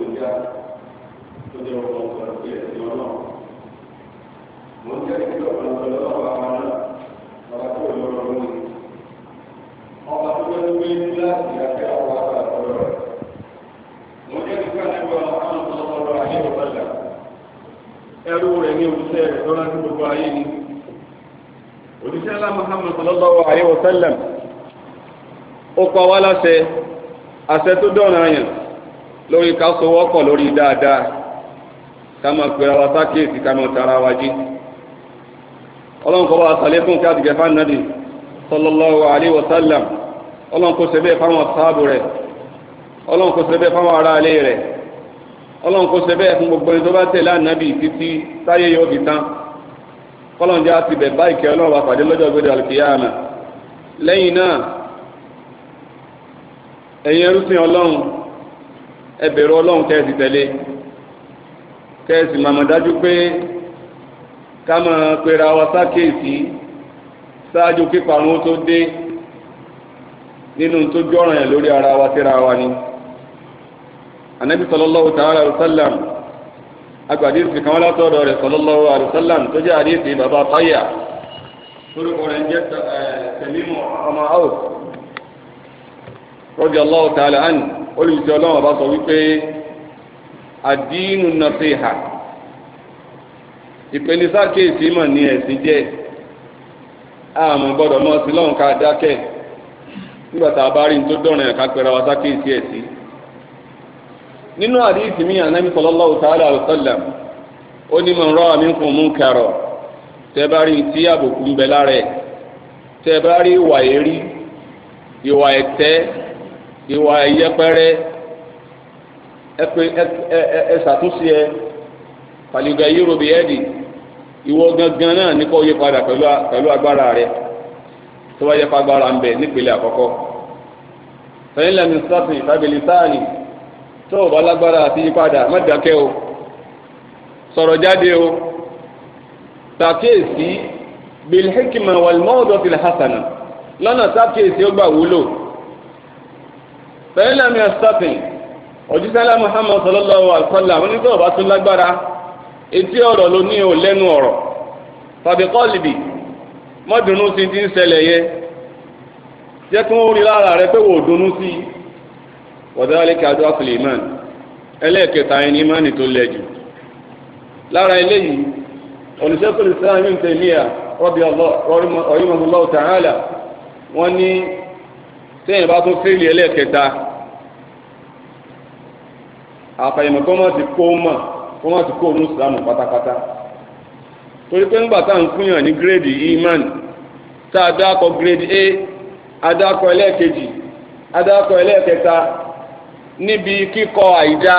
tó já tó jẹ́ ọmọ ọ̀sán sí ẹ̀sìn ọ̀nà. Mo ń jẹ́ kí ọ̀pọ̀ ọ̀sán lọ́wọ́ àwọn náà bàbá tó lọ rọ̀ mí. Ọba tó jẹ́ pé láti àti àwọn àgbà ọ̀rọ̀ rẹ̀. Mo jẹ́ kí kánígbà àwọn ọ̀sán ọ̀rọ̀ ayé ọ̀sán ẹrú rẹ̀ ní òṣìṣẹ́ rẹ̀ lọ́la ní gbogbo ayé ni. Òṣìṣẹ́ ńlá Muhammad sallallahu alaihi wa sallam ó pa wá láṣẹ àṣẹ tó dọ̀nà àyàn. lórí ká sowọ́pọ̀ lórí dáadáa ká máa pera wa sákèsì ká máa tara wa jí ọlọ́run bá sàlékún kí àtìgẹ́ fánàdì sallallahu alaihi wasallam sẹ́bẹ̀ fáwọn sáàbù rẹ̀ ọlọ́run sẹ́bẹ̀ fáwọn ará ilé rẹ̀ sẹ́bẹ̀ fún gbogbo ẹni tó bá tẹ̀lé ànábì títí táyé yóò fi tán ìkẹ́ pàdé ẹ bẹ̀rù ọlọ́run kẹ́ẹ̀sì tẹ̀lé kẹ́ẹ̀sì màmá dájú pé ká máa pera wa sákèsí ṣáájú kíparun tó dé nínú tó jọ̀ràn yẹn lórí ara wa síra wa ni anabi sallallahu ta'ala wa sallam agbadi fi kan wala tọọrọ rẹ̀ sallallahu alaihi wa sallam tó jẹ́ hadisi baba taya toroko rẹ̀ jẹ́ tẹlimu eh, ọmọ awo radiyallahu ta'ala anhu olùdíje ọlọ́run bá sọ wípé àdínú nàṣehà ìpènisá kéèsì mọ̀ ní ẹ̀sìn jẹ́ àmọ́ gbọ́dọ̀ mọ́ sí lọ́run ká dákẹ́ nígbà tá a bá rí ní tó dọ̀rùn ẹ̀ka pẹ̀rẹ̀ wá sákèèsì ẹ̀sìn nínú àdíìsì mi ànábi sallallahu ta'ala alaihi wasallam ó ní man ra'a minkum munkaran tẹ́ bá rí tí àbùkù ń bẹ lára ẹ̀ tẹ́ bá rí ìwà èrí ìwà ẹ̀tẹ́ ìwà ìyẹpẹrẹ ẹ ṣàtúnṣe ẹ pàlùgà yúrò bí ẹ́ẹ̀dì ìwọ gangan náà ní kó yí padà pẹ̀lú agbára rẹ tó bá yẹ pa agbára ń bẹ nípele àkọ́kọ́ fẹ́yìn lẹ́nu sọ́ọ̀tì tábìlì sáàni tó o bá lágbára àti yípadà má dákẹ́ o sọ̀rọ̀ jáde o tàkíyèsí bilhikima wal hasana lọ́nà tàkíyèsí ó gbà wúlò. bẹ́ẹ̀ lẹ́mi ẹ̀sítọ́pìn òjísẹ́lá Muhammad sallallahu alaihi wasallam onígbà ọba tó lágbára etí ọ̀rọ̀ ló ní o lẹ́nu ọ̀rọ̀ tàbí kọ́ọ̀lìbì sí ti ń ṣẹlẹ̀ yẹ jẹ́ kí wọ́n rí lára rẹ pé wò ó dunú sí wọ́dọ́lẹ́kẹ́ adúlá ẹlẹ́ẹ̀kẹta téèyàn bá tún fíìlì ẹlẹ́ẹ̀kẹta àfàyèmọ̀ kọ́mọ̀tì kó mọ̀ kọ́mọ̀tì kó ní ìsìlámù pátápátá torí pé ńgbà tá ń ní gírèdì iman tá a dákọ gírèdì a adákọ ẹlẹ́ẹ̀kejì adákọ ẹlẹ́ẹ̀kẹta níbi kíkọ àìdá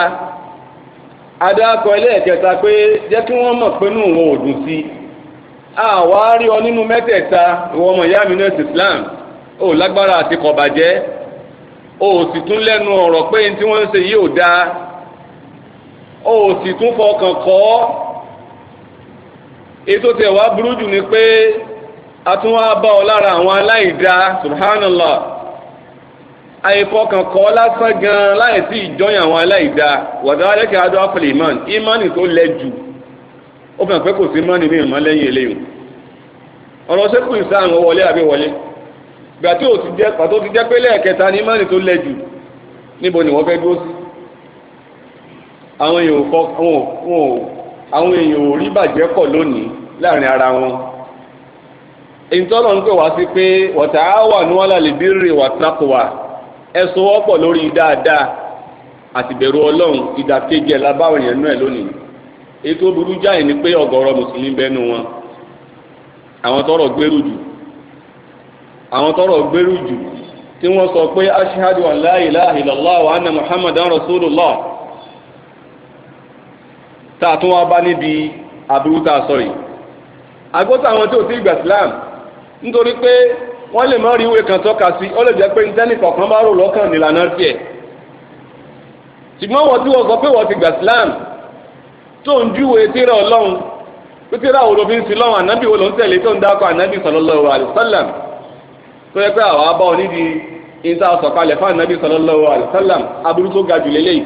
adákọ ẹlẹ́ẹ̀kẹta pé jẹ́ kí wọ́n mọ̀ pé ò dùn sí àwárí ọ nínú mẹ́tẹ̀ẹ̀ta mi náà islam. o lágbára àti kọ̀bàjẹ́ o sì tún lẹ́nu ọ̀rọ̀ pé ní tí wọ́n ń ṣe yìí ò dáa o sì tún fọkàn kọ́ ètò tẹ̀ wá burú jù ni pé a tún wá bá ọ lára àwọn aláìda subhanallah àìfọkàn kọ́ lásán gan láìsí ìjọyìn àwọn aláìda wàdálẹ́kẹ̀ adó àpẹlẹ̀ imán imánì tó lẹ jù ó fẹ́ pé kò sí imánì ní ìmọ̀lẹ́yìn eléyìí ọ̀rọ̀ ṣẹ́kù ìsáàrùn wọlé àbí wọlé gbà tí ò ti jẹ́ pàtó ti jẹ́ pé lẹ́ẹ̀kẹta ní mọ́ni tó lẹ jù níbo ni wọ́n fẹ́ dúró sí àwọn èèyàn kọ wọn ò àwọn èèyàn ò rí bàjẹ́ kọ̀ lónìí láàrin ara wọn ìtọ́lọ̀ ń pè wá sí pé wọ̀tá wà ní wọn lálẹ́ bí rè wà tákùwà ẹ so wọ́pọ̀ lórí dáadáa àtìbẹ̀rù ọlọ́run ìdàkejì ẹ̀ lábáwọn èèyàn náà lónìí èyí tó burú jáì ni pé ọ̀gọ̀rọ̀ mùsùlùmí bẹnu wọn àwọn tọrọ gbèrú jù àwọn tọrọ gbèrú jù tí wọ́n sọ pé ashhadu an wa anna muhammadu rasulullah tá a bá níbi aburú tá a agbóta àwọn tí ò sí ìgbà islam nítorí pé wọ́n lè ìwé kan tọ́ka sí ó lè jẹ́ pé nítẹ́nì kọ̀ọ̀kan bá rò lọ́kàn nílànà tiẹ̀ ṣùgbọ́n wọ́n tí wọ́n sọ pé wọ́n ti gbà islam tó ń júwe tírà ọlọ́run pé tírà wo ló fi ànábì wo ló ń tó yẹ pé àwọn abá onídìí ìta sọ̀kalẹ̀ fún ànábì sallallahu alaihi wasallam aburú tó ga jù lélẹ̀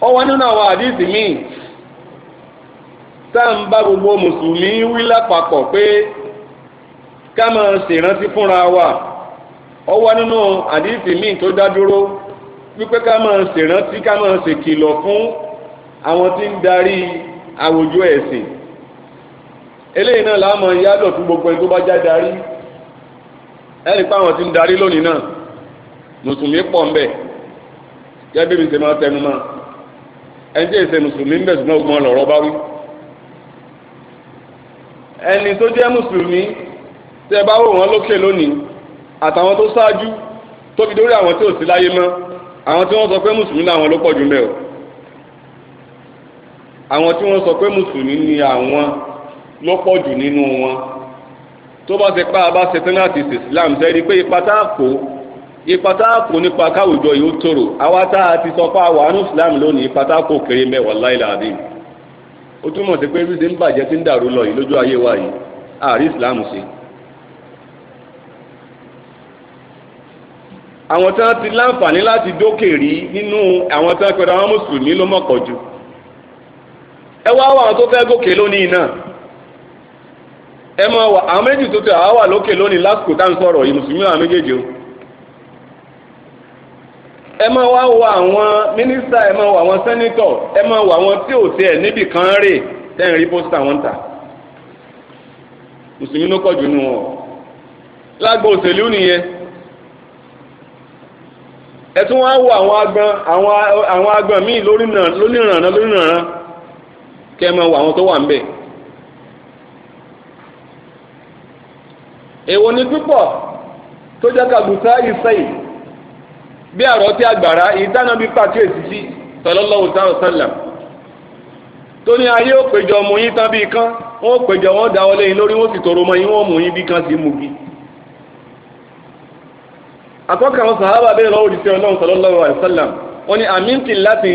ó wá nínú àwọn àdìsí míì tá à ń bá gbogbo mùsùlùmí wí lápapọ̀ pé ká máa ṣèrántí fúnra wa ó wá nínú àdìsí míì tó dá dúró wípé ká máa ṣèrántí ká máa ṣèkìlọ̀ fún àwọn tí ń darí àwùjọ ẹ̀sìn eléyìí náà láàmọ̀ yálò fún gbogbo ẹni tó bá já darí ẹ̀rí pé àwọn tí ń darí lónìí náà mùsùlùmí pọ̀ ń bẹ̀ gẹ́gẹ́ bí mi ṣe máa tẹnu mọ́ ẹni tí èsè mùsùlùmí ń bẹ̀ ṣùgbọ́n ọgbọ́n lọ̀rọ̀ bá wí. ẹni tó jẹ́ mùsùlùmí tẹ́ bá wò wọ́n lókè lónìí àtàwọn tó ṣáájú tóbi dórí àwọn tí ò sí láyé mọ́ àwọn tí wọ́n sọ pé mùsùlùmí làwọn ló pọ̀ jù mẹ́ o àwọn tí wọ́n sọ pé mùsùlùmí ni àwọn ló pọ̀ jù nínú wọn tó bá ti pa bá ṣe ṣe Islam sẹ́ni pé ipa tá a ti sọ pé Islam lónìí ipa kéré mẹ́wàá láìláàbí ó túmọ̀ sí pé bí ń bàjẹ́ lọ yìí lójú ayé wa yìí àrí Islam ṣe. àwọn tí ti láǹfààní láti nínú àwọn tí àwọn mùsùlùmí ló jù ẹ wá wà ẹ mọ wà àwọn méjì tó tẹ àwa wà lókè lónìí lásìkò tá à ń yìí mùsùlùmí àwọn méjèèjì o ẹ mọ wá wo àwọn mínísítà ẹ mọ wo àwọn sẹ́nítọ̀ ẹ mọ wo àwọn tí ò tiẹ̀ níbi kan rè tẹ́yìn rí pósítà wọn tà mùsùlùmí ló kọjú nù wọn lágbo òṣèlú nìyẹn ẹ tún wá wo àwọn agbọn àwọn agbọn míì kẹ ẹ mọ àwọn tó wà ń èwo ni púpọ̀ tó jẹ́ kàgùsá ìsẹ́yì bí àrọ́ tí àgbàrá ìdánábí pàkíyèsí sí tọ́lọ́lọ́wọ́ táwọn sálàm tó ní ayé ó péjọ mú yín tán bí kán wọn ó péjọ wọn dáwọ́ lẹ́yìn lórí wọn sì tọrọ mọ́ yín wọn mú yín bí kán sí mugi. àkọ́kọ́ àwọn sàhábà bẹ́ẹ̀ lọ́wọ́ òjíṣẹ́ ọlọ́run tọ́lọ́lọ́wọ́ àìsálàm wọn ni láti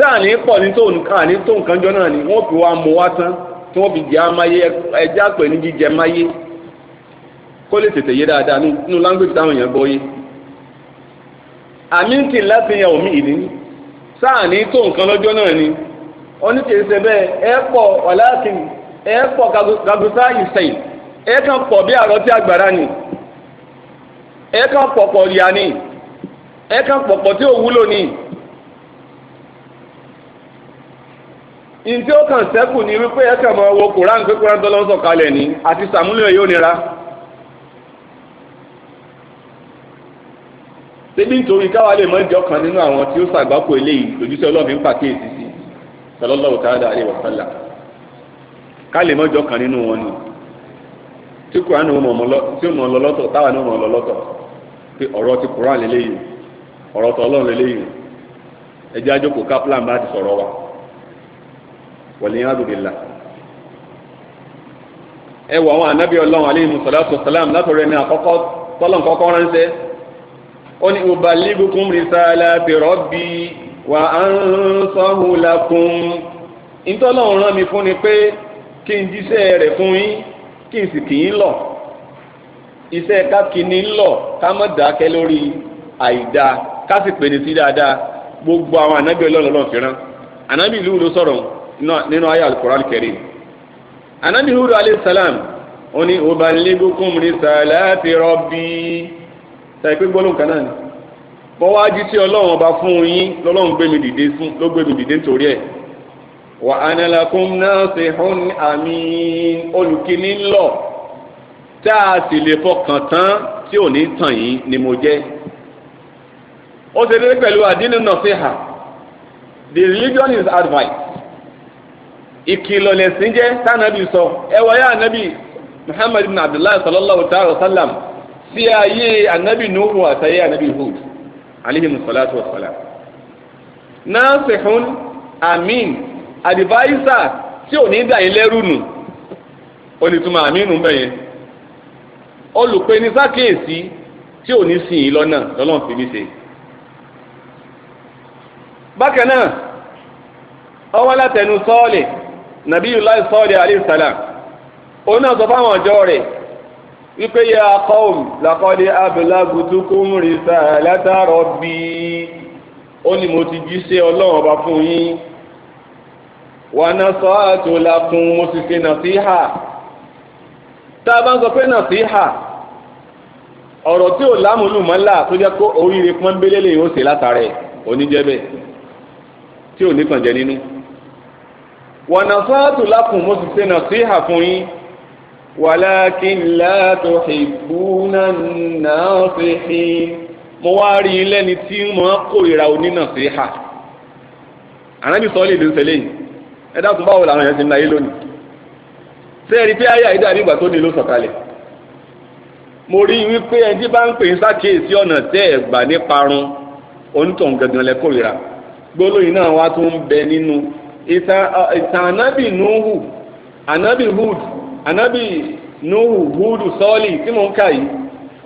sáà ní pọ̀ ní tó nǹkan jọ náà ni fi wá mú wá tí wọ́n fi jẹ́ amáyé ẹjẹ́ àpè ní jíjẹ máyé kó lè tètè yé dáadáa nínú láńgbèjì táwọn èèyàn gbọ́ yé àmì ń láti yan omi ìdí sáà ní tó nǹkan lọ́jọ́ náà ni oníkèéṣe bẹ́ẹ̀ ẹ pọ̀ ọ̀làkìn ẹ pọ̀ ìsẹ̀yìn ẹ kàn pọ̀ bí àrọ́ tí ni ni. ntí ó kàn sẹ́kù ni wípé ẹ kàn máa wo koran pé koran tó lọ́sọ̀ kalẹ̀ ni àti sàmúlò yóò nira. síbi nítorí káwa lè mọ ìjọ kan nínú àwọn tí ó ṣàgbákò eléyìí lójúṣe ọlọ́ọ̀mí ń pàkíyèsí sí sọlọ́lọ́wọ́ mọ wọn ni tí mọ̀ lọ lọ́tọ̀ táwa ní mọ̀ lọ lọ́tọ̀ pé ọ̀rọ̀ ti lélẹ́yìn ọ̀rọ̀ lélẹ́yìn ẹjẹ́ wal-iyadu billah. ẹ wọ àwọn ànábì ọlọ́run alayhi salatu wassalam látọ̀rọ̀ ẹni àkọ́kọ́ tọ́lọ̀ kọ́kọ́ ránṣẹ́ ó ní uballighukum risalati rabbi wa ansahu lakum ìtọ́lọ́run rán mi fún ni pé kí n jíṣẹ́ rẹ̀ fún yín kí n sì kì í lọ iṣẹ́ ká kì í lọ ká má dákẹ́ lórí àìdáa ká sì pè ní sí dáadáa gbogbo àwọn ànábì ọlọ́run lọ́lọ́ fi rán ànábì ìlú ló sọ̀rọ̀ nínú ayé alukoran kẹrin anabi huru alayhi salam ó ní ubaligukum risalati rabbi sàìpé gbólóhùn kan náà ni bọ́wájú tí ọlọ́run ọba fún yín lọ́lọ́run gbé mi dìde fún ló gbé mi dìde nítorí ẹ̀ wa ana lakum nasihun amin olùkíní ńlọ tá a sì lè fọkàn tán tí ò ní tàn yín ni mo jẹ́ ó ṣe dé pẹ̀lú àdínú nasiha the religion is advice ìkìlọ̀ lẹ̀sìn jẹ́ tánàbì sọ ẹwà yá ànábì muhammad ibn abdullahi sallallahu ta'ala sallam sí ayé ànábì nuhu àtayé ànábì hud alayhi musalatu wasalam nasihun amin adivisa tí ò ní dà yín lẹ́rù nù olùtumọ̀ aminu bẹ́yẹn olùpẹ̀ni sákèésí tí ò ní sìn yín lọ́nà fi mí ṣe bákan náà ọwọ́ látẹnu Nabiyullahi Salih alayhi salam òun náà sọ fáwọn ọjọ́ rẹ̀ wípé yẹ akọ́wùm làkọ́lé abẹ́lágùtùkùm risalata rabbi ó ní mo ti jíṣẹ́ ọlọ́run ọba fún yín wa nasahatu lakum mo sì ṣe nàṣíhà tá a bá ń sọ pé nàṣíhà ọ̀rọ̀ tí ò lámúlùmọ́lá tó jẹ́ kó oríire pọ́nbélé lè yóò ṣe látàrẹ̀ oníjẹ́bẹ̀ tí ò ní kànjẹ́ nínú wọ̀nàfáàtù lákùn mo sì ṣe nà sí àfún yín wàlákin látò ìbúná náà fi hí mo wá rí i lẹ́ni tí wọ́n kórìíra onínà sí ha ànábì sọ́ọ́lì ìlú sẹ́lẹ̀ yìí ẹ dákun báwo làwọn èèyàn ti ń láyé lónìí ṣé ẹ rí i pé ayé àyídà nígbà tó ní ló sọ̀kalẹ̀ mo rí wípé ẹni bá ń pè ń ṣàkíyèsí ọ̀nà tẹ́ ẹ̀ gbà ní parun onítọ̀ kórìíra gbólóyìn náà wá tún ń bẹ nínú ìtàn uh, ànábì nuhu ànábì hud ànábì nuhu hood sọ́ọ̀lì tí mò ń kà yìí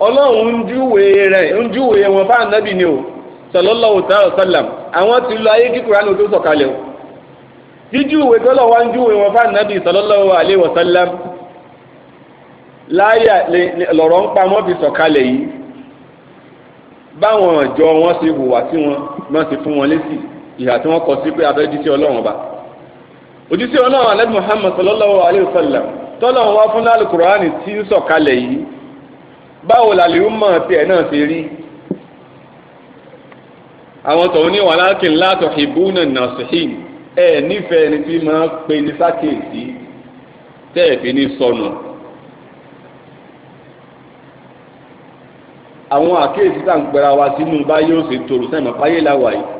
ọlọ́run ń júwe rẹ̀ ń júwe wọn bá ànábì ni o sallallahu ta'ala sallam àwọn ti lo ayé kí Kùránì tó sọ̀kalẹ̀ o jíjúwe tọ́lọ̀ wá ń júwe wọn bá ànábì sallallahu alaihi wa sallam láyà lọ̀rọ̀ ń pamọ́ fi sọ̀kalẹ̀ yìí báwọn ọ̀jọ́ wọn ṣe hùwà sí wọn wọn sì fún wọn ìhà tí wọ́n kọ sí pé abẹ́ jíṣẹ́ ọlọ́run ọba òjíṣẹ́ ọlọ́run alẹ́ Muhammad sallallahu alayhi wa sallam tọ́lọ́run wá fún lálùkùránì tí ń sọ̀kalẹ̀ yìí báwo làlẹ́ ọmọ tiẹ̀ náà ti rí àwọn tòun ní walakin la tuhibbuna nasihin ẹ nífẹ̀ẹ́ ni tí máa pe ní sákèésí tẹ́ ẹ̀ fi ní sọnù. àwọn àkíyèsí tá à ń pẹ́ra wa sínú báyé ó sì torù sẹ́yìn mọ́ báyé yìí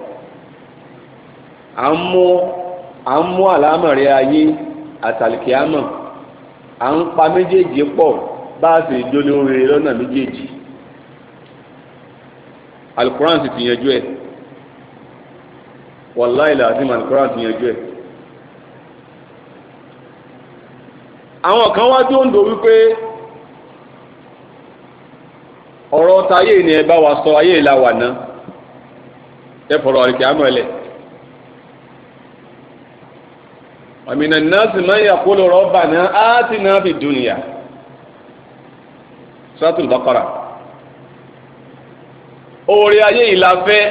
a ń mú àlámọ̀rẹ́ ayé a ń pa méjèèjì pọ̀ bá a sì jó ní oore lọ́nà méjèèjì alukuran sì ti yanjú ẹ̀ wàláì làásìmọ̀ ti yanjú ẹ̀. àwọn kan wá tí ó ń do wípé ọ̀rọ̀ ayé ni ẹ wa sọ ayé ìlà wà ná ẹ fọ̀rọ̀ àmìnà náà sì máa ń yàkóló rọ́bà náà á ti náà fi dùnìyà suratul Baqara oore ayé ìlàfẹ́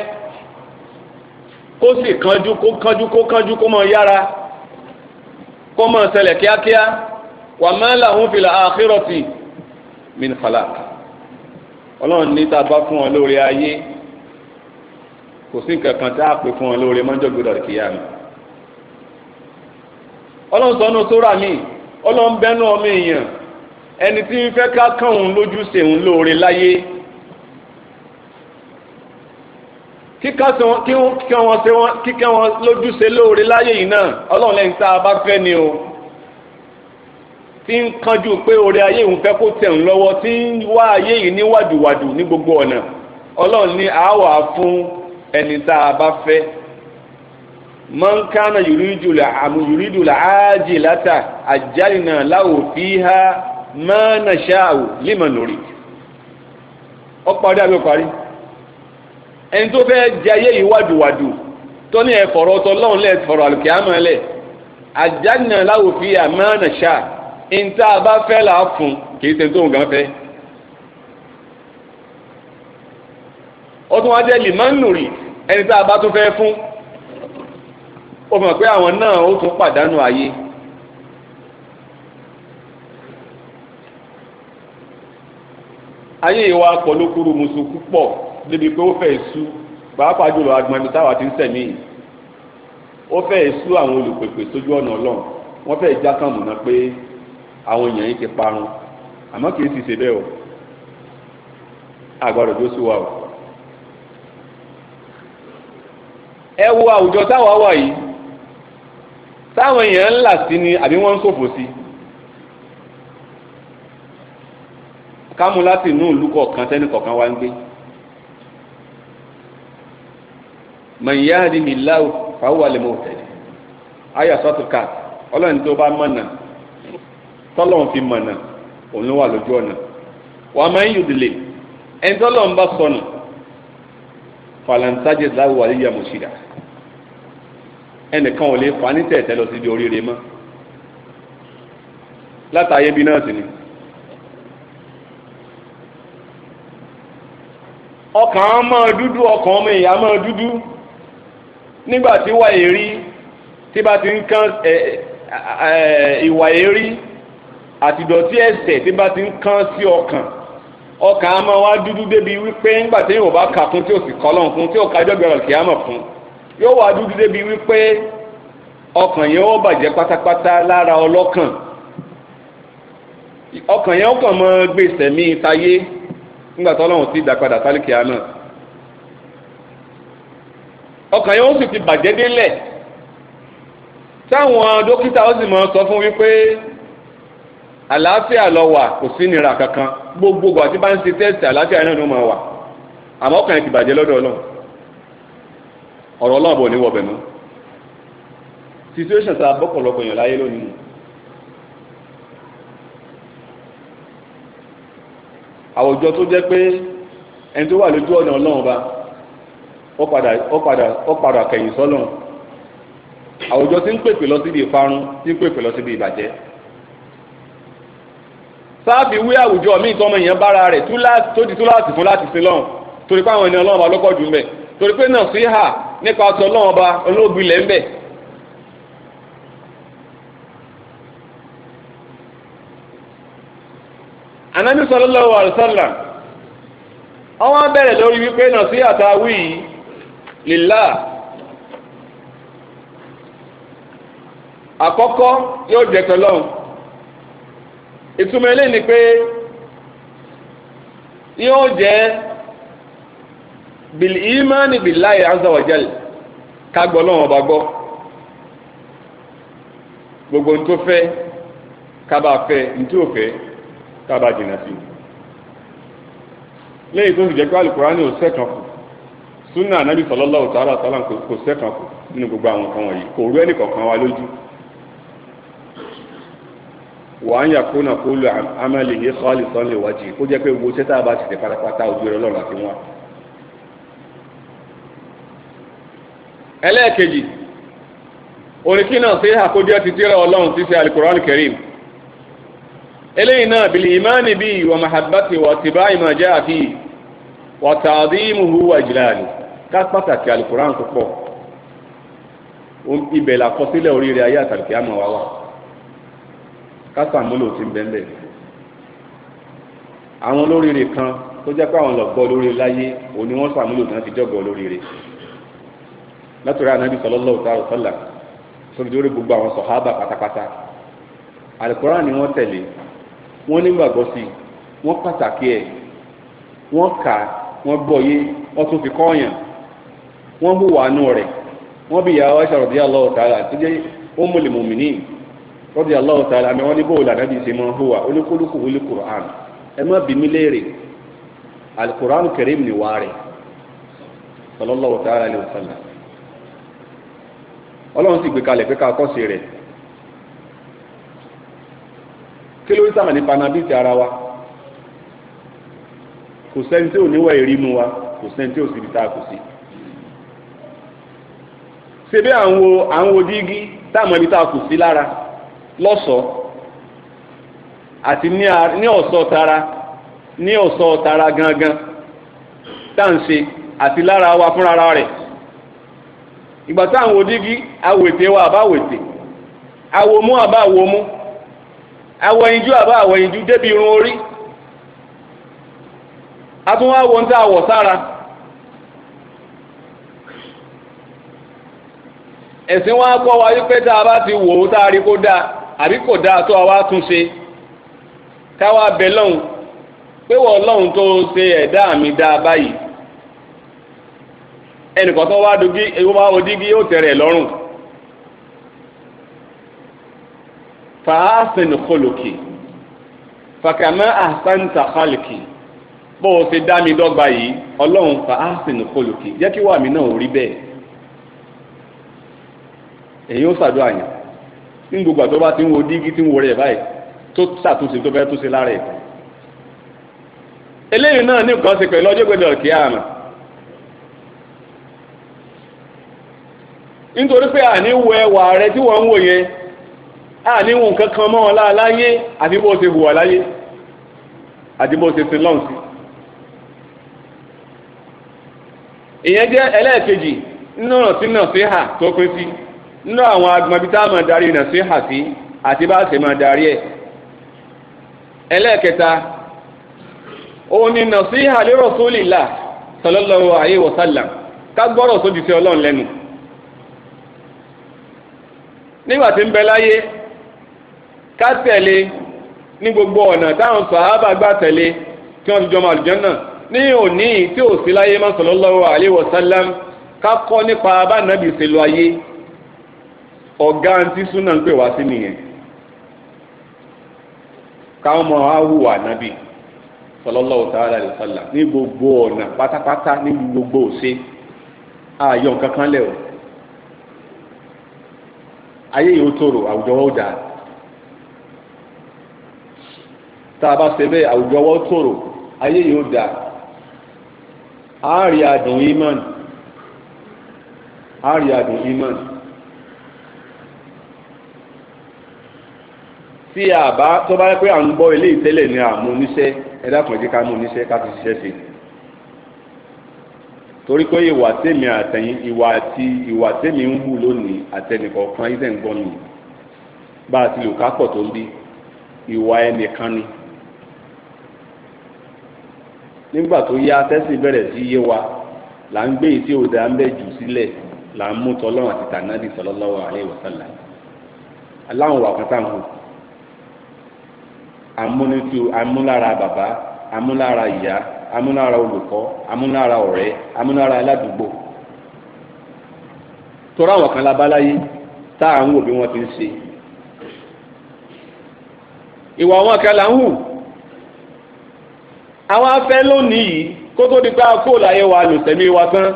kó sì kánjú kó kánjú kó kánjú kó mọ yára kó mọ ṣẹlẹ̀ kíákíá wa ma lahum fil akhirati min khalaq ọlọ́run ní tá a bá fún ọ lóore ayé kò sí nǹkan kan tá a pè fún ọ lóore mọ́jọ́ gbọdọ̀ ọlọ́run sọ́nù sóra mi ọlọ́run bẹ́nu ọmọ èèyàn ẹni tí ń fẹ́ ká kàn òun lójú sèun lóore láyé kíkẹ́ wọn lójúṣe lóore láyé yìí náà ọlọ́run lẹ́yìn tá a bá fẹ́ ni o tí ń kánjú pé oore ayé òun fẹ́ kó tẹ̀ ń lọ́wọ́ tí ń wá ayé yìí ní wàdùwàdù ní gbogbo ọ̀nà ọlọ́run ní àáwà fún ẹni tá a bá fẹ́. من كان يريد يريد العاجلة أجلنا له فيها ما نشاء لمن نريد ọparí àbí ọparí ẹni tó a jayé yìí wàdùwàdù tó ní ẹ̀fọ̀rọ̀ ọtọ lọ́hùn lẹ̀ fọ̀rọ̀ àlùkè àmọ́ lẹ̀ àjálìnà láwò fi àmọ́ nàṣà níta bá fẹ́ là á fún kìí ṣe tóun o mọ̀ pé àwọn náà ó tún pàdánù ayé. ayé ìwà pọ̀lókúrú musu púpọ̀ débi pé ó fẹ́ sú pàápàá jùlọ agbọ̀nmi táwa ti ń sẹ̀mí yìí ó fẹ́ sú àwọn olùpèpè sójú ọ̀nà ọlọ́run wọ́n fẹ́ já kàn múná pé àwọn èèyàn yìí ti parun àmọ́ kì í sì ṣe bẹ́ẹ̀ o àgbàdo tó sú wa o ẹ wo àwùjọ táwa wà yìí táwọn èèyàn ń là sí ni àbí wọ́n ń ṣòfò sí kámú láti inú ìlú kọ̀ọ̀kan tẹ́nì kọ̀ọ̀kan wá ń gbé mọ̀nyá ni mìláwù fàáwù àlẹ́mọ̀ tẹ̀lé ayà sọ́tùkà ọlọ́run tó bá mọ̀nà tọ́lọ́run fi mọ̀nà òun ló wà lójú ọ̀nà wà á máa ń ẹni bá sọnù fàlàǹtàjẹ̀ ẹnìkan ò lè fà á ní tẹ̀tẹ̀ lọ síbi oríire mọ́ látàyè bí náà sì ni. ọkàn á máa dúdú ọkàn ọmọ èèyàn á máa dúdú nígbà tí wà èrí tí bá ti ń kán ìwà èrí àtìdọ̀tí ẹ̀ṣẹ̀ tí bá ti ń kán sí ọkàn ọkàn á máa wá dúdú débi wípé nígbà tí yóò bá kà fún tí ó sì kọ́ lọ́n fún tí ó kájọ́ gbẹ̀rọ̀ kìá fún un. yóò wá dúdú débi wípé ọkàn yẹn ó bàjẹ́ pátápátá lára ọlọ́kàn ọkàn yẹn ó kàn mọ́ gbèsè mí táyé nígbà tó ọlọ́run ti dá padà sálíkìá náà ọkàn yẹn ó sì ti bàjẹ́ délẹ̀ táwọn dókítà ó sì mọ sọ fún wípé àlàáfíà ló wà kò sí nira kankan gbogbogbò àti bá ń ṣe tẹ́sì àlàáfíà náà ló máa wà àmọ́ ọkàn yẹn ti bàjẹ́ lọ́dọ̀ ọlọ́run ọ̀rọ̀ ọlọ́ọ̀bọ̀ ní wọ̀bẹ̀ mọ́ situation ta bọ́pọ̀lọpọ̀ èèyàn láyé lónìí àwùjọ tó jẹ́ pé ẹni tó wà lójú ọ̀nà ọlọ́run bá ó padà ó padà ó padà kẹ̀yìn sọ́lọ́run àwùjọ tí ń pèpè lọ síbi ìparun tí ń pèpè lọ síbi ìbàjẹ́ sáàbì wí àwùjọ míì tọmọ èèyàn bára rẹ̀ tó di túláàsì fún láti sin lọ́run torí pé àwọn ènìyàn ọlọ́run bá lọ́pọ̀ jù ń bẹ̀ torí pé náà sí hà nípa ọtọ ọba olóògbé ilẹ̀ anabi sallallahu alaihi wasallam àwọn bẹ̀rẹ̀ lórí wípé náà sí àtàwí lìlá àkọ́kọ́ yóò ni pé yóò jẹ́ bil imani billahi azza wa jal ká gbọ́ lọ́wọ́ gbogbo ntó kaba fẹ fẹ́ ntí ò fẹ́ kábà jìnnà sí lẹ́yìn tó sì jẹ́ pé alukurani ò kù anabi sallallahu ta'ala ta'ala kò sẹ́kàn kù nínú gbogbo àwọn nǹkan wọ̀nyí kò rú ẹnì kọ̀ọ̀kan wa lójú wàá yà kó náà kó lu kó jẹ́ pé gbogbo sẹ́tà bá ti tẹ̀ pátápátá ẹlẹ́ẹ̀kejì oníkínà sí àkójọ ti tírà ọlọ́run títí alukuran karim eléyìí náà bil ìmáàni bíi wà mahabbati wà tìbá ma jaa fi wà ta'dhimuhu wà jilali ká pàtàkì alukuran púpọ̀ ibẹ̀ làkọsílẹ̀ oríire ayé àtàlùkì àmọ́ wa wà ká sàmúlò tí ń bẹ́ẹ̀ àwọn olóríire kan tó jẹ́ pé àwọn lọ́gbọ́ olóríire láyé òní wọ́n sàmúlò tí ti jọ́gbọ́ látọ̀rọ̀ anabi: sallallahu ta'ala sallam sọ́bi gbogbo àwọn sọ̀hábà pátápátá àlùkòrán ni wọ́n tẹ̀lé wọ́n nígbàgbọ́ sí wọ́n pàtàkì ẹ̀ wọ́n kà wọ́n gbọ́ yé wọn tún fi kọ́ọ̀yàn wọ́n hùwà nù bí tó mu'minin ta'ala àmì wọn ní bóòlù ànábì ṣe máa hùwà olúkúlùkù ẹ má bí mi léèrè wàá ọlọ́run sì gbé kalẹ̀ pé ká kọ́sí rẹ̀ kí ló ń sàmà ní ara wa kò sẹ́ni tí ò níwọ̀ èrí nu wa kò sẹ́ni tí ò síbi tá a kù sí ṣebí à dígí táàmù ibi tá sí lára lọ́sọ̀ọ́ àti ní ọ̀sọ́ tara ní ọ̀sọ́ tara gangan ta à ń ṣe àti lára wa fúnra rẹ̀ ìgbà táwọn odígi awètè wa àbáwètè awomú àbáwomú awẹyinjú àbáwẹyinjú débi irun orí atúnwáwo ń tẹ àwọ̀ sára ẹ̀sìn wa kọ́ wa wípé tá a bá ti wò ó tá a rí kó dáa àbí kò dáa tó a wá tún ṣe káwa bẹ lọ́hùn pé wọ́n lọ́hùn tó ṣe ẹ̀dá mi dáa báyìí ẹnìkan tó wá dogi ewu bá wo dígí yóò tẹ̀rẹ̀ lọ́rùn fàásìn kọlùkì fàkàmà àsántà kálùkì bó o ṣe dá mi dọ́gba yìí ọlọ́run fàásìn kọlùkì jẹ́ kí wà mí náà rí bẹ́ẹ̀ èyí ó ṣàdó àyàn ní gbogbo àtọ́ bá ti ń wo dígí tí ń wo rẹ̀ báyìí tó ṣàtúnṣe tó fẹ́ tó ṣe lára ẹ̀ eléyìí náà ní nǹkan ṣe pẹ̀lú ọjọ́ gbẹdọ̀ kí àrùn nítorí pé àní wo ẹwà rẹ tí wọ́n ń wò yẹn àní wọn kankan mọ́ wọn láàláyé àti bó ṣe hùwà láyé àti bó ṣe sin lọ́hùn sí. ìyẹn jẹ́ ẹlẹ́ẹ̀kejì nínú ọ̀nà sí hà tó pín sí nínú àwọn agbọ̀nbí tá a máa darí nàṣíhà sí àti bá a ṣe máa darí ẹ̀. ẹlẹ́ẹ̀kẹta òun ni nàṣíhà li Rasulillah sallallahu alaihi wasallam ká gbọ́rọ̀ sójú sí ọlọ́run lẹ́nu. nígbà tí ń bẹ láyé ká tẹ̀lé ní gbogbo ọ̀nà táwọn sàhábà gbà tẹ̀lé tí wọ́n fi jọmọ àlùjànnà ní òní tí ò sí láyé máa sallallahu alaihi wasallam ká kọ́ nípa abánàbì ìṣèlú ayé ọ̀gá àǹtí súnà ń pè wá sí nìyẹn káwọn ọmọ wa hùwà nábì sallallahu ta'ala alaihi wasallam ní gbogbo ọ̀nà pátápátá ní gbogbo òṣè ààyò kankan lẹ́wọ̀n. ayé yìí ó tòrò àwùjọ wọn ó dáa tá a bá ṣe bẹ́ẹ̀ àwùjọ wọn ó ayé yìí adùn iman àárí adùn iman tí a bá tó bá yẹ pé à ń gbọ́ eléyìí tẹ́lẹ̀ ni àmú ẹ dákun ẹ ká torí pé ìwà tèmi àtẹ̀yìn ìwà àti ìwà tèmi ń hù lónìí àtẹnìkọ̀ọ̀kan ìdẹ̀ ń gbọ́ nìyí bá a ti lò kápọ̀ tó ń bí ìwà ẹnìkan ni nígbà tó yá tẹ́sí bẹ̀rẹ̀ sí yé wa là ń gbé ìtí òdà ń bẹ̀ jù sílẹ̀ là ń mú tọ́lọ́run àti tànádì sallallahu alaihi wasallam aláwọn wà kátà ń hù amúlára bàbá amúlára ìyá amúnára olùkọ́ amúnára ọ̀rẹ́ amúnára aládùúgbò tọ́ra àwọn kan labaláyé tá ń wò bí wọ́n ti ń se ìwà àwọn kan là ń hù àwọn afẹ́ lónìí yìí kó tó di pé láyé wa lòsẹ̀mí wa tán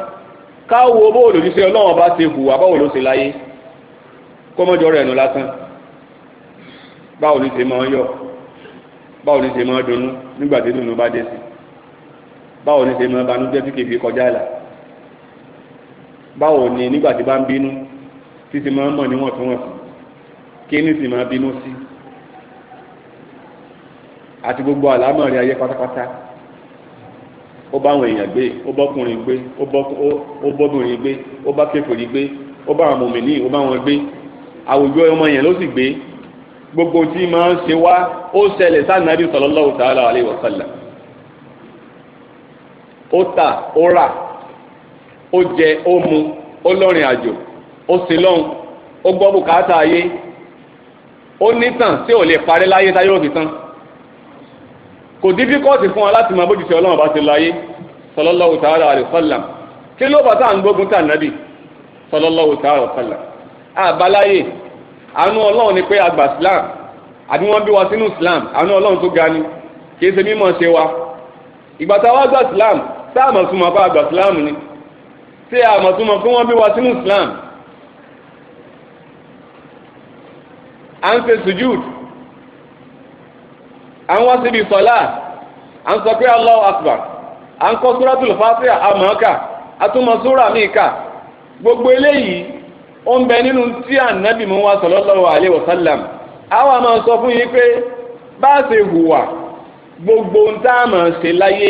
ká wo bóòlù ní sẹ́ bá ti hùwà báwo ló láyé rẹ̀ nù lásán báwo ṣe máa ń báwo ṣe máa báwo ni ṣe máa ba tí kìí fi kọjá ìlà báwo ni nígbà bá ń bínú tí ti máa ń mọ̀ níwọ̀ntúnwọ̀nsì kí ní sì máa bínú sí àti gbogbo àlámọ̀ rí ayé pátápátá ó bá àwọn èèyàn gbé ó bọ́kùnrin gbé ó bọ́bìnrin gbé ó bá kékeré gbé ó bá àwọn mòmìnì ó bá wọn gbé àwùjọ ọmọ yẹn ló sì gbé gbogbo tí máa ń ṣe wá ó ṣẹlẹ̀ sáà ó tà ó rà ó jẹ ó mu ó lọ́rìn àjò ó sin lọ́hùn ó gbọ́ bùkátà ayé ó nítàn tí ò lè parí láyé táyé ò fi tán kò fún wa láti mọ bójúṣe ọlọ́run bá ti lọ ayé sallallahu ta'ala alaihi kí ló bàtà ń tà nábì àbáláyé àánú ọlọ́run ni pé àgbà islam àbí wa sínú islam àánú ọlọ́run tó ga ni kì í ṣe wa ìgbà a gbà tá a mọ̀ súnmọ́ kó àgbà ni tí a mọ̀ súnmọ́ kó wọ́n bí wa sínú islam à ń ṣe sujud à ń wá síbi sọlá à ń sọ pé Allahu akbar à ń kọ́ suratul fatiha súra gbogbo eléyìí ó ń bẹ nínú tí ànábì mú wa sallallahu alaihi wasallam àwa máa sọ fún yín pé bá a ṣe hùwà gbogbo ń tá a máa ṣe láyé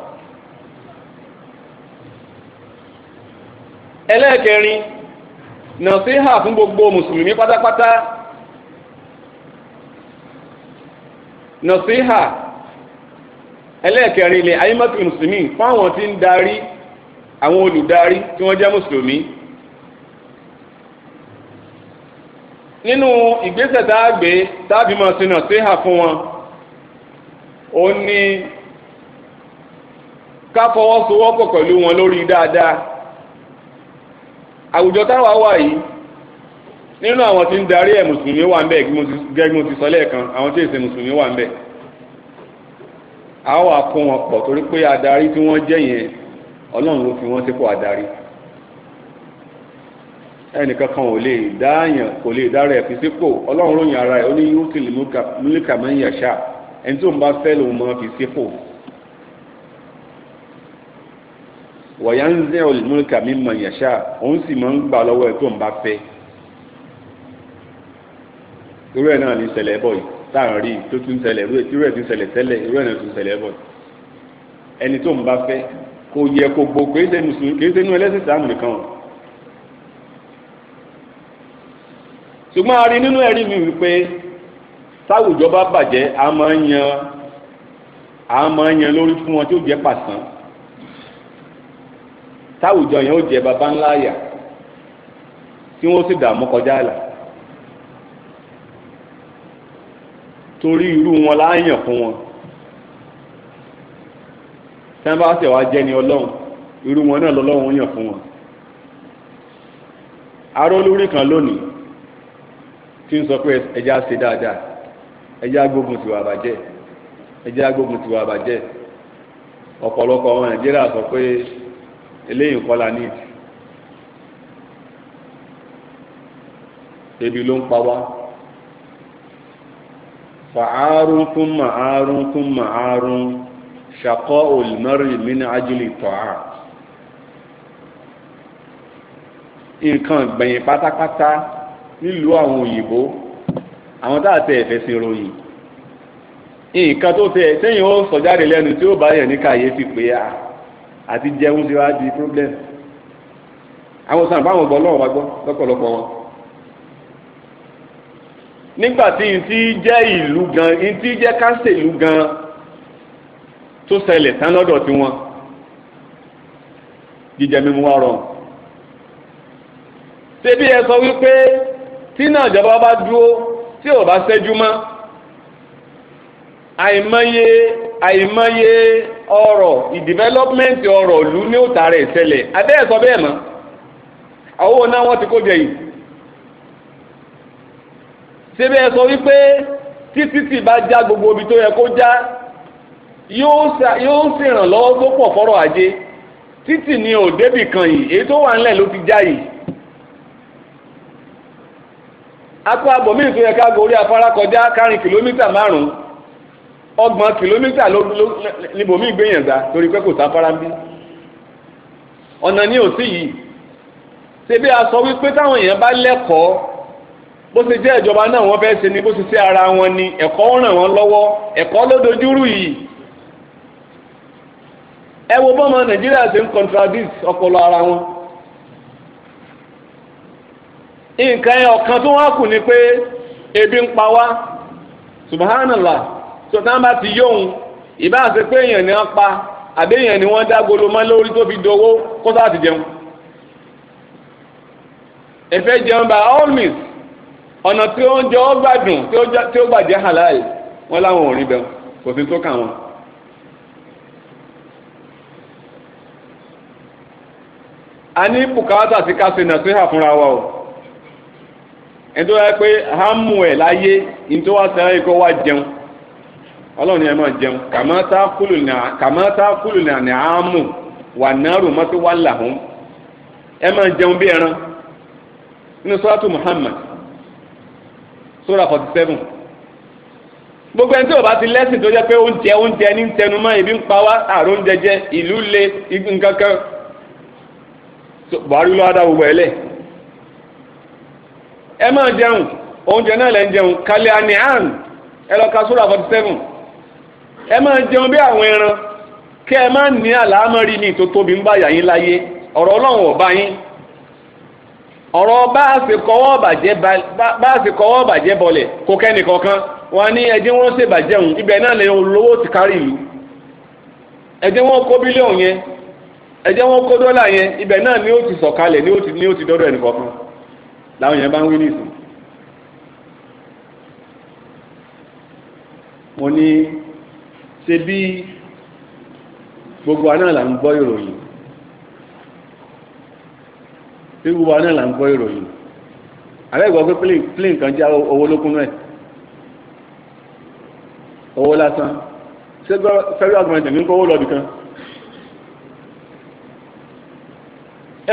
ẹlẹ́ẹ̀kẹrin nàṣíhà fún gbogbo mùsùlùmí pátápátá nàṣíhà ẹlẹ́ẹ̀kẹrin ilẹ̀ ayémọ́tì mùsùlùmí fáwọn tí ń darí àwọn olùdarí tí wọ́n jẹ́ mùsùlùmí nínú ìgbésẹ̀ tá a gbé si nàṣíhà fún wọn ó ní ká pẹ̀lú wọn lórí dáadáa àwùjọ táwa wà yìí nínú àwọn tí ń darí ẹ̀ mùsùlùmí wà ń bẹ̀ gẹ́gẹ́ mo ti sọ lẹ́ẹ̀kan àwọn tí èsè mùsùlùmí wà ń bẹ̀ àwọn àkó wọn pọ̀ torí pé adarí tí wọ́n jẹ́ yẹn ọlọ́run ló fi wọ́n sípò adarí ẹnìkan kan ò lè dáàyàn kò lè dára ẹ̀ fi sípò ọlọ́run ròyìn ara ẹ̀ ó ní yóò sì lè mú kàmẹ́yìn àṣà ẹni tí òun bá fẹ́ lòun máa fi sípò wọ̀yá ń zẹ́ olùmúlùkà mi mọ̀ yàṣà òun sì máa ń gbà lọ́wọ́ ẹ̀ tó ń bá fẹ́ irú ẹ̀ náà ní ṣẹlẹ̀ bọ̀ yìí táà rí tó tún ṣẹlẹ̀ irú ẹ̀ tún ṣẹlẹ̀ tẹ́lẹ̀ irú ẹ̀ náà tún ṣẹlẹ̀ bọ̀ yìí ẹni tó ń bá fẹ́ kò yẹ kò gbó kò éṣe mùsùlùmí kò éṣe inú ẹlẹ́sìn sáà nìkan ṣùgbọ́n a rí nínú ẹ̀rí mi wípé táwùjọ bá bàjẹ́ a ń yan a ń yan lórí fún wọn tó jẹ́ pàṣán táwùjọ yẹn ó jẹ baba ńlá àyà tí wọ́n sì dààmú kọjá àlà torí irú wọn láàyàn fún wọn sẹ́ńbà sì wá jẹ́ ọlọrun irú wọn náà lọ́lọ́run yàn fún wọn arólórí kan lónìí tí ń sọ pé ẹja ṣe dáadáa ẹja gbógun wà bàjẹ́ ẹja gbógun wà bàjẹ́ ọ̀pọ̀lọpọ̀ ọmọ nàìjíríà sọ pé eléyìí kọ́ la ní ìdí ebi ló ń pa wá fàárùn kún màárùn kún màárùn ṣàkọ́ olùmọ́rin mi ní ajílì tọ́à nǹkan gbẹ̀yìn pátápátá nílùú àwọn òyìnbó àwọn tá àti ẹ̀fẹ́ sí ròyìn nǹkan tó tẹ̀ sẹ́yìn ó sọ jáde lẹ́nu tí ó bá yẹ̀ ní kàyéfì pé a. Ah, àti jẹun ti wá di problem àwọn sàn fáwọn ọgbọ́n náà wá gbọ́ lọ́pọ̀lọpọ̀ wọn. nígbà tí n ti jẹ́ ìlú gan n ti jẹ́ káńsẹ̀ ìlú gan tó ṣẹlẹ̀ tán lọ́dọ̀ tiwọn jíjẹ mímu wá rọrùn. ṣebí ẹ sọ wípé tí náà ìjọba bá dúró tí ò bá ṣẹ́jú mọ́ àìmọye àìmọye ọ̀rọ̀ ìdìvẹ́lọ́pmẹ́ǹtì ọ̀rọ̀ ìlú ní òtà rẹ̀ tẹ́lẹ̀ abẹ́ẹ̀ sọ bẹ́ẹ̀ mọ́ àwọn ti kó jẹ yìí Sebe sọ wípé títí tí bá já gbogbo omi tó yẹ kó já yóò ṣèrànlọ́wọ́ tó pọ̀ fọ́rọ̀ ajé Titi ni ò débì kan yìí èyí tó wà ló ti já yìí akọ gorí afárá ọgbọ̀n kìlómítà níbòmí gbìyànjá torí pé kò sáfárá ń bí ọ̀nà ní òsì yìí ṣebí a sọ wípé táwọn èèyàn bá lẹ́kọ̀ọ́ bó ṣe jẹ́ ìjọba náà wọ́n fẹ́ẹ́ ṣe ni bó ṣe ṣe ara wọn ni ẹ̀kọ́ ń ràn wọ́n lọ́wọ́ ẹ̀kọ́ ló dojúrú yìí ẹ wo bọ́mọ nàìjíríà ṣe ń contradict ọpọlọ ara wọn nǹkan ọ̀kan tó wá kù ni pé ebi ń pa wá subhanallah sọ̀tàn bá ti yóhun ìbá àti pé èèyàn ni wọ́n pa àbí èèyàn ni wọ́n dágolo mọ́ lórí tó fi dowó kó sáà ti jẹun ẹ̀fẹ́ jẹun by all means ọ̀nà tí ó ń jẹ ó gbádùn tí ó gbàjẹ́ halal wọ́n láwọn ò rí bẹ́ẹ̀ kò sí tó kà wọ́n. a ní bùkátà sí ká ṣe nàṣíhà fúnra wa o ẹni tó yẹ pé hámù ẹ̀ ní tó wá sẹ́yìn kó wá jẹun. ọlọ́run yẹn máa jẹun kàmáta kúlù ní àámù wà náírù mọ́tò wà làhùn máa jẹun bí ẹran Muhammad forty seven gbogbo ẹni tí o bá ti lẹ́sìn tó jẹ́ pé oúnjẹ ibi ń pa wá àrùn jẹjẹ ìlú le buhari ló gbogbo ẹ ẹ máa jẹun oúnjẹ náà ń jẹun ẹ lọ ka seven. ẹ máa jẹun bí àwọn ẹran kí ẹ máa ní àlámọ́rí ní tó tóbi ń báyà yín láyé ọ̀rọ̀ ọlọ́run ọ̀bá yín ọ̀rọ̀ bá a sì kọ́wọ́ bàjẹ́ bọlẹ̀ kò kẹ́ni kankan wọn ní ẹjẹ́ wọn ṣe bàjẹ́ òun ibẹ̀ náà lè olówó ti kárí ìlú ẹjẹ́ wọn kó yẹn ẹjẹ́ wọn kó dọ́là yẹn ibẹ̀ náà ni ó ti sọ̀kalẹ̀ ni ṣe bí gbogbo aná là ń gbọ́ ìròyìn bí gbogbo aná là ń gbọ́ ìròyìn àbẹ́ ìgbọ́ pé plane kan jẹ́ owó lókun náà owó lásán ṣé fẹ́rẹ́ augment ní kó owó lọ́bì kan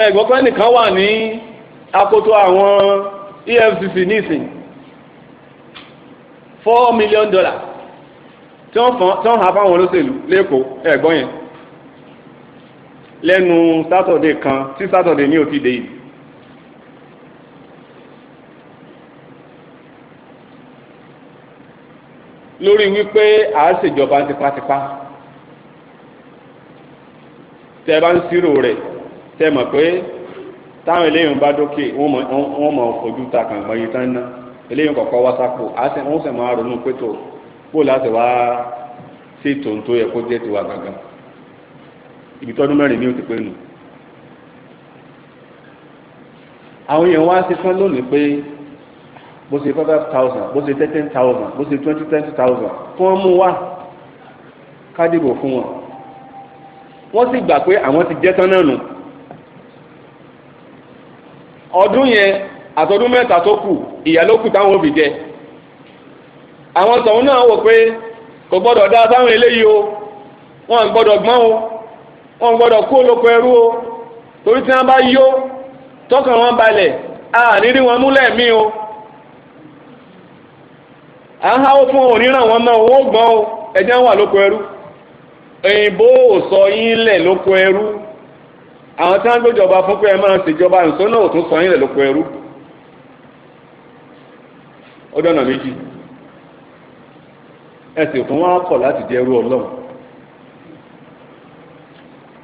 ẹ̀gbọ́n pé nìkan wà ní akoto àwọn EFCC nísìn four million dollars tí wọ́n hàn fáwọn olóṣèlú lẹ́kọ̀ọ́ ẹ̀gbọ́n yẹn lẹ́nu sátọ̀dé kan tí sátọ̀dé ní òtí dé yìí lórí wípé à á ṣèjọba tipátipá tẹ́ bá ń sírò rẹ̀ tẹ́ mọ̀ pé táwọn eléyìn bá dókè wọ́n mọ̀ fojú ta kàn gbọ́yìí tán ná eléyìn kọ̀ọ̀kan wá sápò á sì wọ́n sì máa ronú pé tó kó láti wá ṣètò tó yẹ kó jẹ́ tiwa gangan ibi tọ́dún mẹ́rin ní òtí pé nù. àwọn èèyàn wá ṣe fún lónìí pé bó ṣe five thousand bó ṣe ten thousand bó ṣe twenty twenty thousand kí wọ́n mú wá kádìbò fún wọn wọ́n sì gbà pé àwọn ti jẹ́ tán náà nù ọdún yẹn àtọdún mẹ́ta tó kù ìyá ló kù táwọn òbí jẹ àwọn tọ̀hún náà wò pé kò gbọ́dọ̀ dá sáwọn eléyìí o wọ́n gbọ́dọ̀ gbọ́n o wọ́n gbọ́dọ̀ kó lóko ẹrú o torí tí wọ́n bá yó tọkàn wọn balẹ̀ àníní wọn múlẹ̀ mí o à fún mọ́ gbọ́n o ẹ̀jẹ̀ wà ẹrú òyìnbó ò sọ yín lẹ̀ lóko ẹrú àwọn tí wọ́n gbéjọba fún pé ẹ sì tún wá kọ̀ láti jẹ́ ẹrú ọlọ́run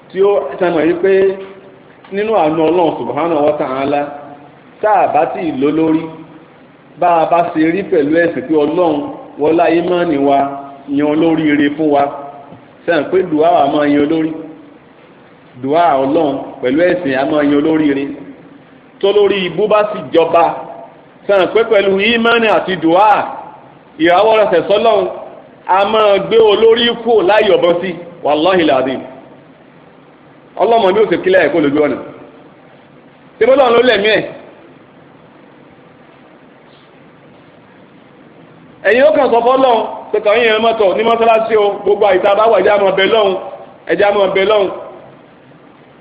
tí ó sàmọ̀ yìí pé nínú àánú ọlọ́run subhanahu wa ta'ala tá a bá tí ì lọ lórí bá a bá ṣe rí pẹ̀lú ẹ̀sìn pé ọlọ́run wọlá ìmánì wa yan olóríire fún wa sẹ́yìn pé dùá wa máa yan olórí dùá ọlọ́run pẹ̀lú ẹ̀sìn a máa yan olóríire tó lórí ibú bá sì jọba sẹ́yìn pé pẹ̀lú ìmánì àti dùá ìràwọ̀ rẹ̀ sẹ̀ sọ́lọ́run a máa gbé olórí kú láyé ọ̀bọ̀n sí wàláhì làdín ọlọ́mọ bí ó sì kílẹ̀ ẹ̀kọ́ lójú ọ̀nà tí o ló lẹ̀mí ẹ̀ ẹ̀yin ó kàn sọ fọ́lọ́ pẹ̀tọ̀ ní mọ́sálásí o gbogbo àìsà bá wà ẹja mọ̀ lọ́hùn ẹja mọ̀ bẹ́ lọ́hùn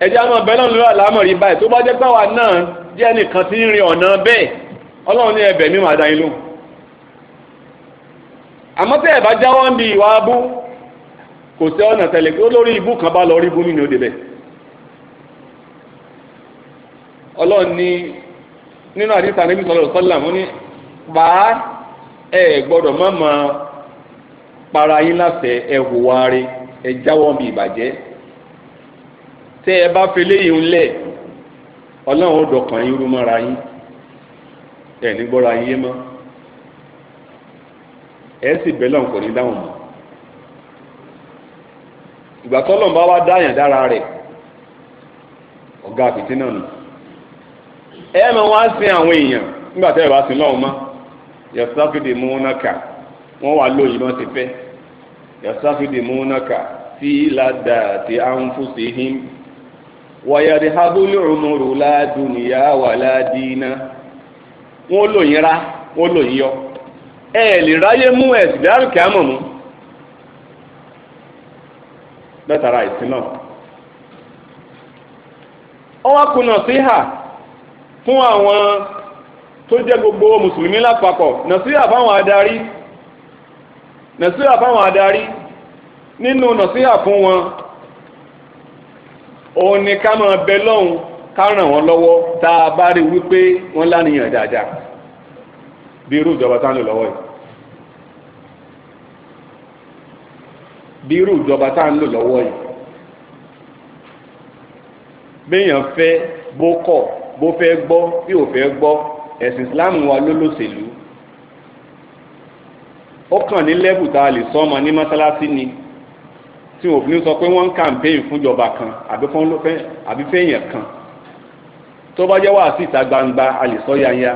ẹja mọ̀ bẹ́ lọ́hùn báyìí tó bá jẹ́ pàwà náà jẹ́ nìkan tí ń àmọ́ ẹ̀bá ẹ̀ jáwọ́ ń bi ìwà abú kò sí ọ̀nà tẹ̀lé kí ó lórí ibú kan bá lọ rí ibú nínú òdìbẹ̀ nínú àdíta níbi sọlọ mú ní pa ẹ gbọ́dọ̀ má ma para yín láfẹ̀ ẹ hùwà rí fele ńlẹ̀ ọlọ́run ó dọ̀kan yín rú mọ́ra yín ẹ̀ ẹ̀ sì bẹ́ẹ̀ kò ní dáhùn mọ́ ìgbà tọ́lọ́n bá wá dáyàn dára rẹ̀ ọ̀gá àpìtì náà nù ẹ máa wá sin àwọn èèyàn nígbà tẹ́ ẹ bá sin lọ́wọ́ mọ́ múnáka wọ́n wà lóyìn ti pẹ́ yọ̀sáfìdì múnáka tí ládà tí a ń fún sí him wọ̀yẹ̀dì habúlù ọmọrù ládùnìyà wà rá yọ. ẹ lè ráyé mú ẹ̀sìn dárò kí á mọ̀ mú ìsìn náà. ó wá kùnà fún àwọn tó jẹ́ gbogbo mùsùlùmí lápapọ̀ nàṣíhà fáwọn adarí nàṣíhà fáwọn adarí nínú nàṣíhà fún wọn òun ni ká máa bẹ lọ́hùn ká ràn wọ́n lọ́wọ́ tá a bí irú ìjọba tá à ń lò lọ́wọ́ yìí béèyàn fẹ́ bó kọ̀ bó fẹ́ gbọ́ bí ò fẹ́ gbọ́ ẹ̀sìn Islam wa ló lòṣèlú ó kàn ní lẹ́bù tá a lè sọ ọmọ ní mọ́sálásí ni tí wọn ò ní sọ pé wọ́n ń kàmpéyìn fúnjọba kan àbí fẹ́yìn kan tó bá jẹ́ wàásù ìta gbangba a lè sọ yanya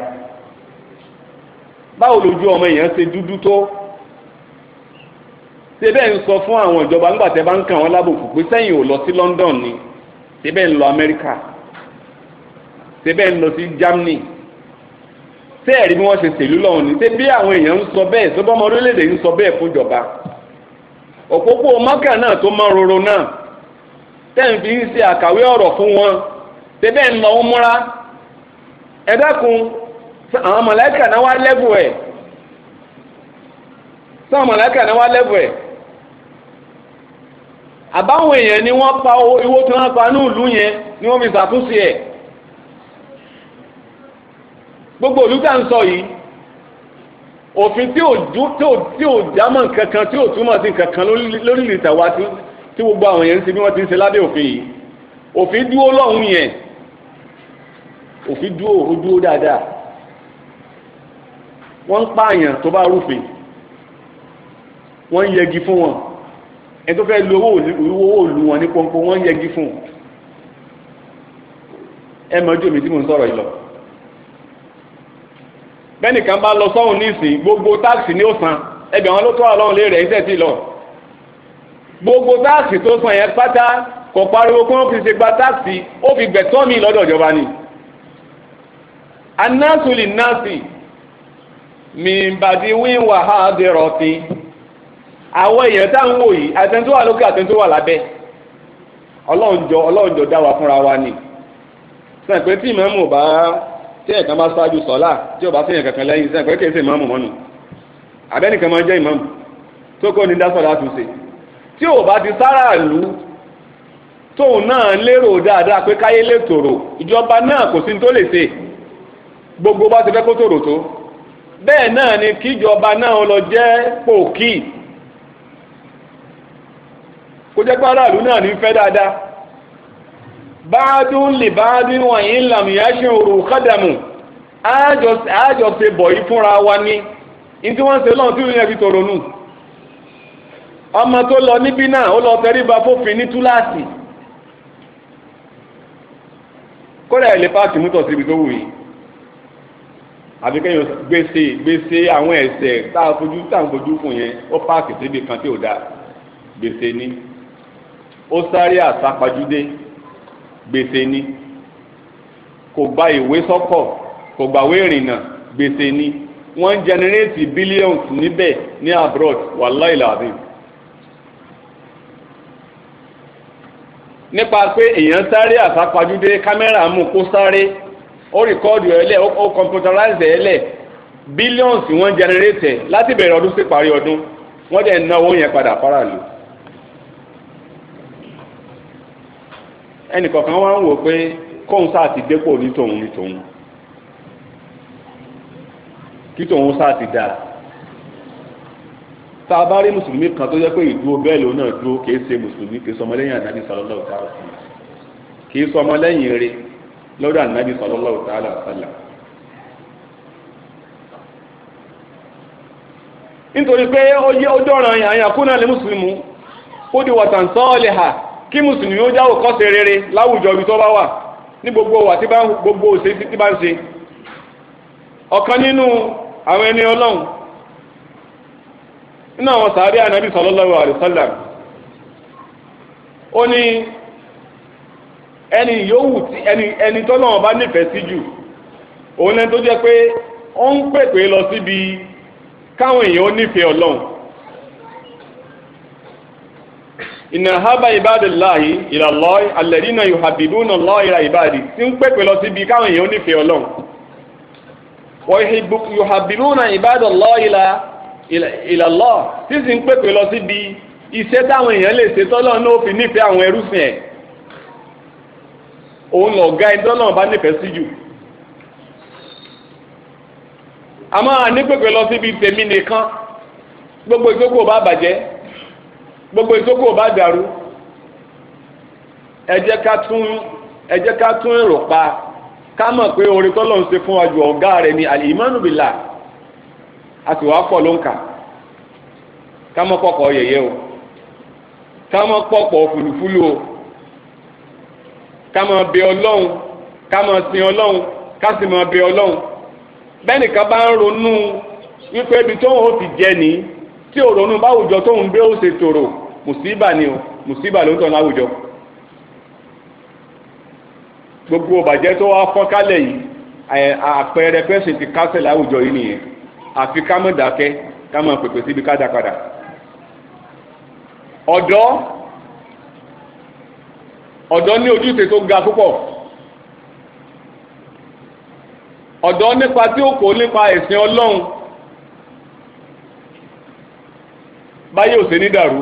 báwo lójú ọmọ èèyàn ṣe dúdú tó síbẹ̀ ń sọ fún àwọn ìjọba nígbà tẹ́ bá ń kàn wọ́n lábùkù pé sẹ́yìn ò lọ sí London ni síbẹ̀ ń lọ America síbẹ̀ ń lọ sí Germany ṣé ẹ̀rí bí wọ́n ṣe ṣèlú lọ́wọ́ ni ṣé bí àwọn èèyàn ń sọ bẹ́ẹ̀ tó bá ọmọ orílẹ̀-èdè ń sọ bẹ́ẹ̀ fún ìjọba òpópó mọ́kà náà tó mọ́ roro náà tẹ́ ń fi ń ṣe àkàwé ọ̀rọ̀ fún wọn síbẹ̀ ń lọ múra ẹ dákun àwọn mọ̀lẹ́kà náà wá lẹ́bù ẹ̀ sáwọn mọ̀lẹ́kà náà wá lẹ́bù ẹ̀ àbáwọn èèyàn ni wọ́n pa owó tí wọ́n pa ní ìlú yẹn ni wọ́n fi ṣàtúnṣe ẹ̀ gbogbo olùkà ń sọ yìí òfin tí ò jámọ́ kankan tí ò túmọ̀ sí kankan lórílẹ̀ tàwa tí gbogbo àwọn èèyàn ń ṣe bí wọ́n ti ń ṣe lábẹ́ òfin yìí òfin dúró lọ́hùn yẹn òfin dúró ó dúró dáadáa wọ́n ń pààyàn tó bá rúfin wọ́n ń yẹgi fún wọn ẹ tó fẹ́ lu owó òlu wọn ní pọ́npọ́n wọ́n yẹgi fún un ẹ mọ ojú mi tí mo ń sọ̀rọ̀ yìí lọ. bẹ́nìkan bá lọ sọ́hùn nísìn gbogbo táàsì ní òsàn ẹbí àwọn olótó ọlọ́run lè rẹ̀ iṣẹ́ tí lọ. gbogbo táàsì tó sàn yẹn pátá kò pariwo kí wọ́n fi ṣe gba táàsì ó fi gbẹ̀tọ́ mi lọ́dọ̀ ìjọba ni. anásùlì násì mi bàdí wíwà á dẹrọ̀ sí àwọn èèyàn tá à ń wò yìí àtẹ̀ntó wà lókè àtẹ̀ntó wà lábẹ́ ọlọ́ọ̀njọ ọlọ́ọ̀njọ dá wa fúnra wa ni sẹ́yìn pé tí ìmọ̀ọ́mù bá tí ẹ̀ka bá ṣáájú sọ́lá tí ò bá sẹ́yìn kankan lẹ́yìn sẹ́yìn pé kì í ṣe ìmọ̀ọ́mù mọ́nu àbẹ́nìkan máa jẹ́ ìmọ̀ọ́mù tó kọ́ ni dásọ̀lá tún ṣe tí ò bá ti sára ìlú tóun náà lérò dáadáa pé káyé lè tòrò ìjọba náà kò sí tó lè ṣe gbogbo bá ti fẹ́ kó tòrò tó bẹ́ẹ̀ náà ni kíjọba náà lọ jẹ́ pòkì kó jẹ́ pé aráàlú náà ní fẹ́ dáadáa báádùn lè báádùn wọ̀nyí ńlàmù yá ṣe òrò kádàmù àájọṣe bọ̀ yìí fúnra wa ní ní tí wọ́n ń ṣe lọ́run tí ìrìn ẹ̀fi tòrò nù ọmọ tó lọ níbí náà ó lọ tẹríba fófin ní túláàsì kódà ilé páàkì mú tọ̀ síbi tó wù yìí àbí kẹ́yìn gbèsè gbèsè àwọn ẹ̀ṣẹ̀ tá a fojú tá a fojú fún yẹn ó páàkì síbi kan tí ò dáa gbèsè ní ó sáré àsápajúdé gbèsè ni kò gba ìwé sọ́kọ̀ kò gbàwé ìrìnnà gbèsè ni wọ́n ń jẹnẹrétì billions níbẹ̀ ní abroad wàláì làbí. nípa pé èèyàn sáré àsápajúdé kámẹ́rà mú kó sáré ó rìkọ́ọ̀dù ẹ̀ lẹ̀ ó kọ̀m̀pútàráìsì ẹ̀ lẹ̀ billions wọ́n lati bere láti bẹ̀rẹ̀ ọdún sí parí ọdún wọ́n dẹ̀ náwó yẹn padà ẹnìkọ̀kan wá ń wò pé sa sáà dépò ní tòun ní tòun kí tòun sáà dà tá a bá rí mùsùlùmí kan tó jẹ́ pé ìdúró bẹ́ẹ̀ lòun náà dúró kìí ṣe mùsùlùmí kìí sọmọlẹ́yìn ànábì sallallahu ta'ala kìí sọmọlẹ́yìn rẹ̀ lọ́dọ̀ ànábì sallallahu ta'ala sálà. nítorí pé ó jẹ́ ọjọ́ ọ̀ràn àyàkú lè mùsùlùmí kó di wàtàn kí mùsùlùmí ó jáwọ́ kọ́ṣe rere láwùjọ ibi tó bá wà gbogbo wà tí bá gbogbo òṣè tí bá ń ṣe ọ̀kan nínú àwọn ẹni ọlọ́run nínú àwọn sàábẹ́ ànábì sallallahu alaihi ó ní ẹni yòówù tí ẹni ẹni bá nífẹ̀ẹ́ sí jù òun ẹni tó jẹ́ pé ó ń pèpè lọ síbi káwọn èèyàn ó nífẹ̀ẹ́ ọlọ́run ìnà hábà ìbádìláhi ìlàlọ́ alẹ́dínà yuhabibuna Allah ìlà ìbádì tí ń pèpè lọ síbi káwọn èèyàn nífẹ̀ẹ́ ọlọ́run wọ́n yuhabibuna ìbádìláhi ìlà ìlàlọ́ tí sì ń pèpè lọ síbi iṣẹ́ táwọn èèyàn lè ṣe tọ́lọ́ náà fi nífẹ̀ẹ́ àwọn ẹrúsìn ẹ̀ òun lọ̀gá ẹjọ́ náà gbogbo ìjókòó bá bàjẹ́ gbogbo ìtókù ò bá dàrú ẹ jẹ́ ká tún ẹ jẹ́ ká tún èrò pa ká mọ̀ pé orin tọ́lọ̀ ń ṣe fún ọjọ́ ọ̀gá rẹ̀ ni alìmánù bìlà a sì wá pọ̀ ló ń kà ká mọ́ pọ̀pọ̀ yẹ̀yẹ́ o ká mọ́ pọ̀pọ̀ fùlùfúlù o ká mọ́ bẹ ọlọ́run ká mọ́ sin ọlọ́run ká sì mọ́ bẹ ọlọ́run bẹ́ẹ̀ nìkan bá ń ronú wípé ibi tó ń hó ti jẹ nìyí. tí ò ronú báwùjọ tó ń gbé ó ṣe tòrò mùsíbà ni o mùsíbà ló ń gbogbo tó wá fọ́n kálẹ̀ yìí àpẹẹrẹ pẹ́sìn ti kásẹ̀ láwùjọ yìí nìyẹn àfi ká dákẹ́ pèpè síbi padà ọ̀dọ́ ọ̀dọ́ ní ojúṣe ga púpọ̀ ọ̀dọ́ nípa tí ó kó nípa báyé ò ṣe ní dàrú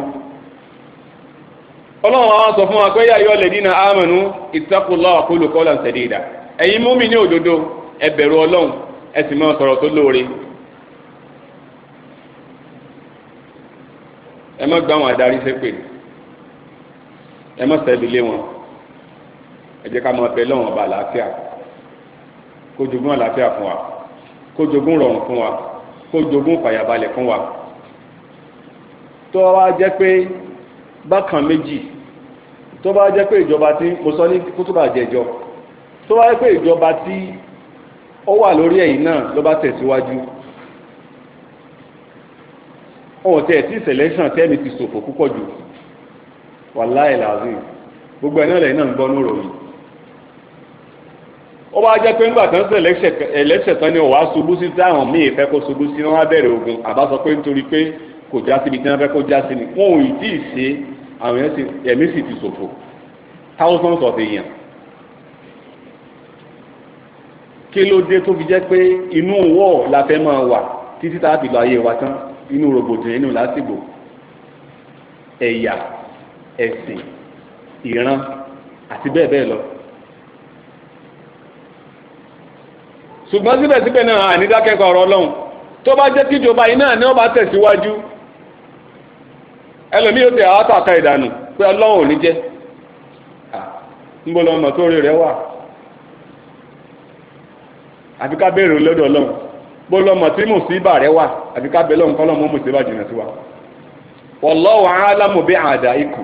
ọlọ́run àwọn sọ fún wa pé yáyọ lẹ́dínà amanu ittaqullaha qulu qawlan sadida ẹ̀yin múmi ní òdodo ẹ bẹ̀rù ọlọ́run ẹ sì máa sọ̀rọ̀ tó lóore ẹ má gbá àwọn adarí ṣépè ẹ má sẹ́bi lé wọn ẹ jẹ́ ká máa bẹ lọ́wọ́n ọba àlàáfíà kó jogún àlàáfíà fún wa kó jogún rọrùn fún wa kó jogún fàyàbalẹ̀ fún wa tó wá jẹ́ pé bákan méjì tó bá jẹ́ pé ìjọba tí mo sọ ní kútùbà jẹjọ tó bá jẹ́ pé ìjọba tí ó wà lórí ẹ̀yìn náà ló bá tẹ̀síwájú ọ̀hún tẹ̀ tí selection tẹ́mi ti ṣòfò púpọ̀ jù wàláì làzim gbogbo ẹ̀ náà lẹ́yìn náà ń gbọ́ nóró yìí ó bá jẹ́ pé nígbà tán sí ẹlẹ́ṣẹ̀ tán ni ó wá ṣubú sí táwọn míì fẹ́ kó ṣubú sí wọn á bẹ̀rẹ̀ ogun àbá sọ pé nítorí pé kò já síbi tí wọ́n fẹ́ kó já sí ni wọn ò tí ì ṣe àwọn ẹ̀mí sì ti ṣòfò thousands of èèyàn kí ló dé tó fi jẹ́ pé inú wọ́ọ̀ la fẹ́ máa wà títí tá a fi lọ ayé wa tán inú rògbòdìyàn inú lásìgbò ẹ̀yà ẹ̀sìn ìran àti bẹ́ẹ̀ bẹ́ẹ̀ lọ. ṣùgbọ́n síbẹ̀síbẹ̀ náà ànídákẹ́kọ̀ọ́ ọ̀rọ̀ ọlọ́run tó bá jẹ́ kíjọba yìí ni wọ́n bá tẹ̀síwájú ẹlòmí yóò tẹ àwátàkà ìdànù pé ọlọ́run ò ní jẹ́ níbọ̀lọ́ ọmọ tó rí rẹ̀ wà àfi ká béèrè lọ́dọ̀ ọlọ́run ọmọ tí mò sí wà àfi ká lọ́run kọ́lọ́mù mò sí sí wa wallahu a'lamu bí àdá ikù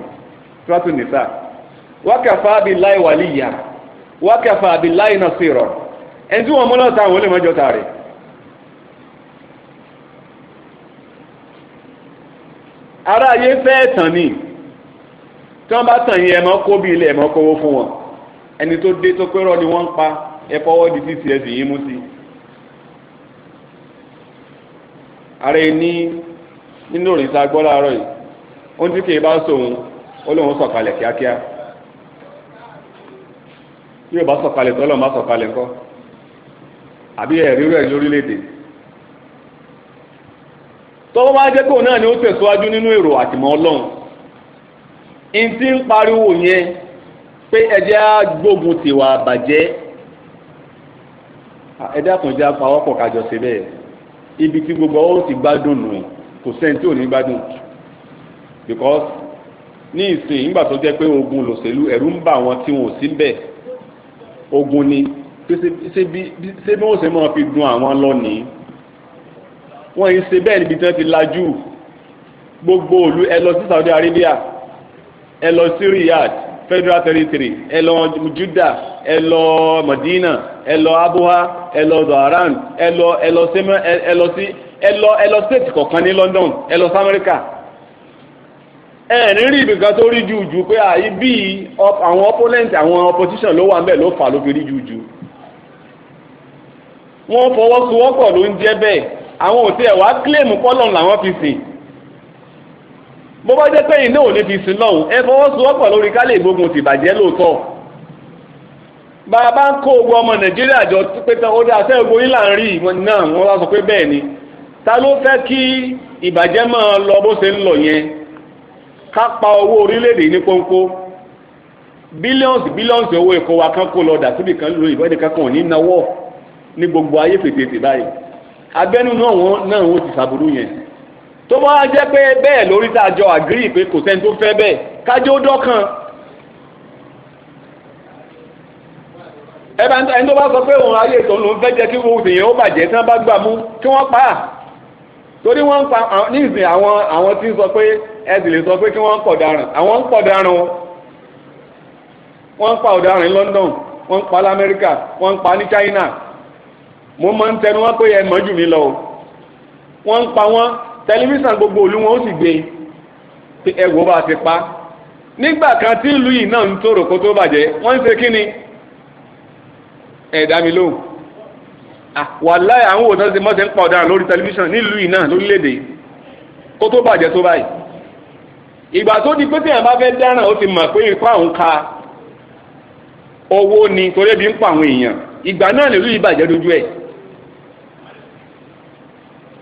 wákàfà wàlíyà wákàfà ẹni tí ara ayé fẹ́ tàn ní tí wọ́n bá tàn yín ẹ̀mọ́ kó bí ilé ẹ̀mọ́ kówó fún wọn ẹni tó dé tó pérò ni wọ́n ń pa ẹ di títí ẹ sì mú sí. ara ẹ ní nínú òrìṣà gbọ́ láàárọ̀ yìí ó ń tí kì í bá sòun ó lóun sọ̀kalẹ̀ kíákíá yóò bá sọ̀kalẹ̀ tọ́lọ̀ má sọ̀kalẹ̀ kọ́ àbí ẹ̀rí rẹ̀ lórílẹ̀‐èdè tọ́wọ́ wá jẹ́ kóun náà ni ó tẹ̀síwájú nínú èrò àtìmọ́ ọlọ́run n ti ń pariwo yẹn pé ẹjẹ́ á gbógun tiwa bàjẹ́ ẹjẹ́ àkànjẹ́ apawọ́pọ̀ kájọ ṣe bẹ́ẹ̀ ibi tí gbogbo ó ti gbádùn nù kò sẹ́ni tí ò ní gbádùn because ní ìsìn ìgbà tó jẹ́ pé ogun lòṣèlú ẹ̀rù ń bà wọn tí wọn ò sí ń ogun ni ṣé bí wọ́n ṣe máa fi dun àwọn lọ́nìí wọ́n yìí ṣe bẹ́ẹ̀ níbi tí wọ́n ti lajú gbogbo òlu ẹ lọ sí Saudi Arabia ẹ lọ sí Riyadh Federal Territory ẹ lọ Judah ẹ lọ Medina ẹ lọ Abuha ẹ lọ zoharan ẹ lọ ẹ lọ sẹmẹ ẹ lọ sí ẹ lọ ẹ lọ state kọ̀ọ̀kan ní London ẹ lọ sí America ẹ ní rí ibìkan tó rí jùjù pé àyí bí àwọn opponent àwọn opposition ló wà ń bẹ̀ ló fà ló fi rí jùjù wọ́n fọwọ́sowọ́pọ̀ ló ń jẹ́ bẹ́ẹ̀ àwọn òtí ẹ̀wà kílèmù kọ́lọ́n làwọn fi sìn bó bá jẹ́ pẹ́yìn náà ò fi lọ́hùn lórí kálẹ̀ ìgbógun ti bàjẹ́ lóòótọ́ bàbá ń kó ọmọ nàìjíríà jọ pé ó dá afẹ́ ogun náà wọ́n wá ni ta ló fẹ́ kí ìbàjẹ́ máa lọ bó ṣe pa owó orílẹ̀-èdè ní bílíọ̀nsì bílíọ̀nsì owó ẹ̀kọ́ wa kó lọ dà kankan ò ní náwó ní gbogbo ayé fètè abẹ́nu náà wọ́n náà wọ́n ti sàbúrú yẹn tó bá jẹ́ pé bẹ́ẹ̀ lórí tá a jọ àgírí pé kò sẹ́ni tó fẹ́ bẹ́ẹ̀ kájọ dọ́kan ẹ̀bá ẹni tó bá sọ pé òun ayé ìtọ́nù ń fẹ́ jẹ́ kí wọ́n òsèyàn ó bàjẹ́ tí wọ́n bá gbà mú kí wọ́n pa á torí wọ́n ń pa ní ìsìn àwọn àwọn tí ń sọ pé ẹ sì lè sọ pé kí wọ́n ń pọ̀ daràn àwọn ń pọ̀ daràn o wọ́n ń pa ọ̀daràn ní London wọ́n ń pa lamẹ́ríkà wọ́n ń pa ní China mo máa ń tẹnu wọn pé ẹ mọ̀ jù mí lọ o wọ́n ń pa wọ́n tẹlifíṣàn gbogbo ìlú wọn ó sì gbé ẹ wò bá ti pa nígbà kan tí ìlú yìí náà ń tòrò kó tó bàjẹ́ wọ́n ń ṣe kí ni ẹ̀dá mi lóhùn ah, wàláì àwọn òtọ́ ti mọ́sẹ̀ ń pa ọ̀daràn lórí tẹlifíṣàn nílùú yìí náà lórílẹ̀‐èdè kó tó bàjẹ́ tó báyìí ìgbà tó di pé tí àwọn bá fẹ́ dáràn ó ti mọ̀ pé ikú àwọn ka owó ni torí ebi ń pa àwọn èèyàn ìgbà náà lè yìí bàjẹ́ dojú ẹ̀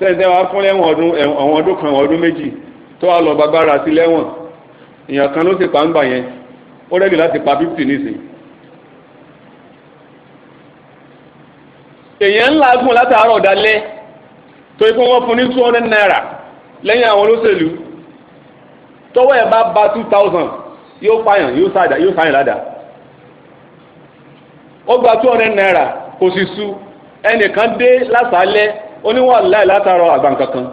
tẹ́ǹtẹ́ wa fún lẹ́wọ̀n ọdún àwọn ọdún kan ọdún méjì tó wà lọ gbàgbára sí lẹ́wọ̀n èèyàn kan ló sì pa ń gbà yẹn ó rẹ́dì láti pa fífì nísìnyí. èèyàn ńlá gùn látàárọ̀ dalẹ́ tó ikú wọn fún ní two hundred naira lẹ́yìn àwọn olóṣèlú tọ́wọ́ ẹ̀ bá ba two thousand yóò pààyàn yóò sáàdà yóò sáàyàn ládàá ó gba two hundred naira kò sì su ẹnìkan dé lásàálẹ́ oníwọ̀n láì látàrọ àgbàǹkankan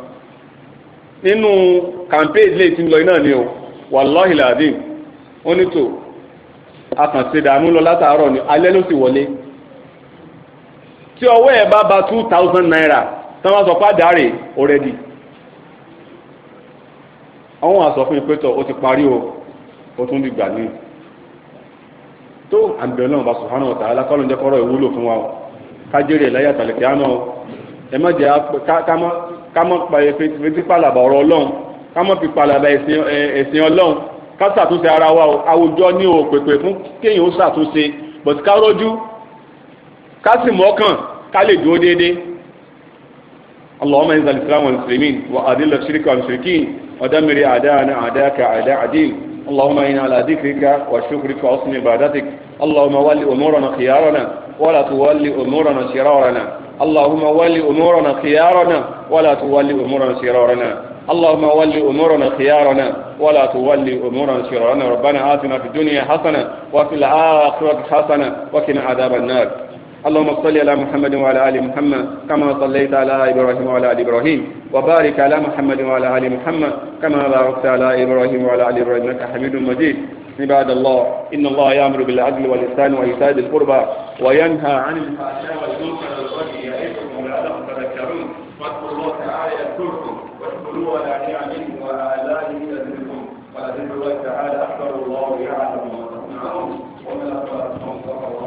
nínú campaign lè ti lọ iná ni o wàlọ́hì làdìm onítò akànṣedànù lọ ni alẹ́ ló sì wọlé tí ọwọ́ ẹ̀ bá ba two naira tí wọ́n sọ already àwọn àsọfún ìpẹ́tọ̀ ó o ó tún di gbà ní tó fún wa àná ẹ má jẹ́ ká mọ́ fetí pàlàbà ọ̀rọ̀ ọlọ́run ká mọ́ fi pàlàbà ẹ̀sìn ọlọ́run ká ṣàtúnṣe ara wa àwùjọ ní o pèpè fún kéèyàn ó ṣàtúnṣe bọ̀tí ká rójú ká sì mọ́kàn ká lè dúró déédéé. اللهم انزل الاسلام والمسلمين واذل الشرك والمشركين ودمر اعداءنا اعداءك اعداء الدين اللهم انا على ذكرك وشكرك وحسن عبادتك اللهم ول أمورنا خيارنا ولا تولي أمورنا شرارنا اللهم ول أمورنا خيارنا ولا تولي أمورنا شرارنا اللهم ول أمورنا خيارنا ولا تولي أمورنا شرارنا ربنا آتنا في الدنيا حسنة وفي الآخرة حسنة وقنا عذاب النار اللهم صل على محمد وعلى آل محمد كما صليت على إبراهيم وعلى آل إبراهيم وبارك على محمد وعلى آل محمد كما باركت على إبراهيم وعلى آل إبراهيم إنك حميد مجيد عباد الله إن الله يأمر بالعدل والإحسان وإيتاء ذي القربى وينهى عن الفحشاء والمنكر والبغي يعظكم لعلكم تذكرون واذكروا الله تعالى يذكركم واشكروه على نعمه وآلائه يذكركم ولذكر الله تعالى أكبر الله يعلم ما تصنعون ومن أكبر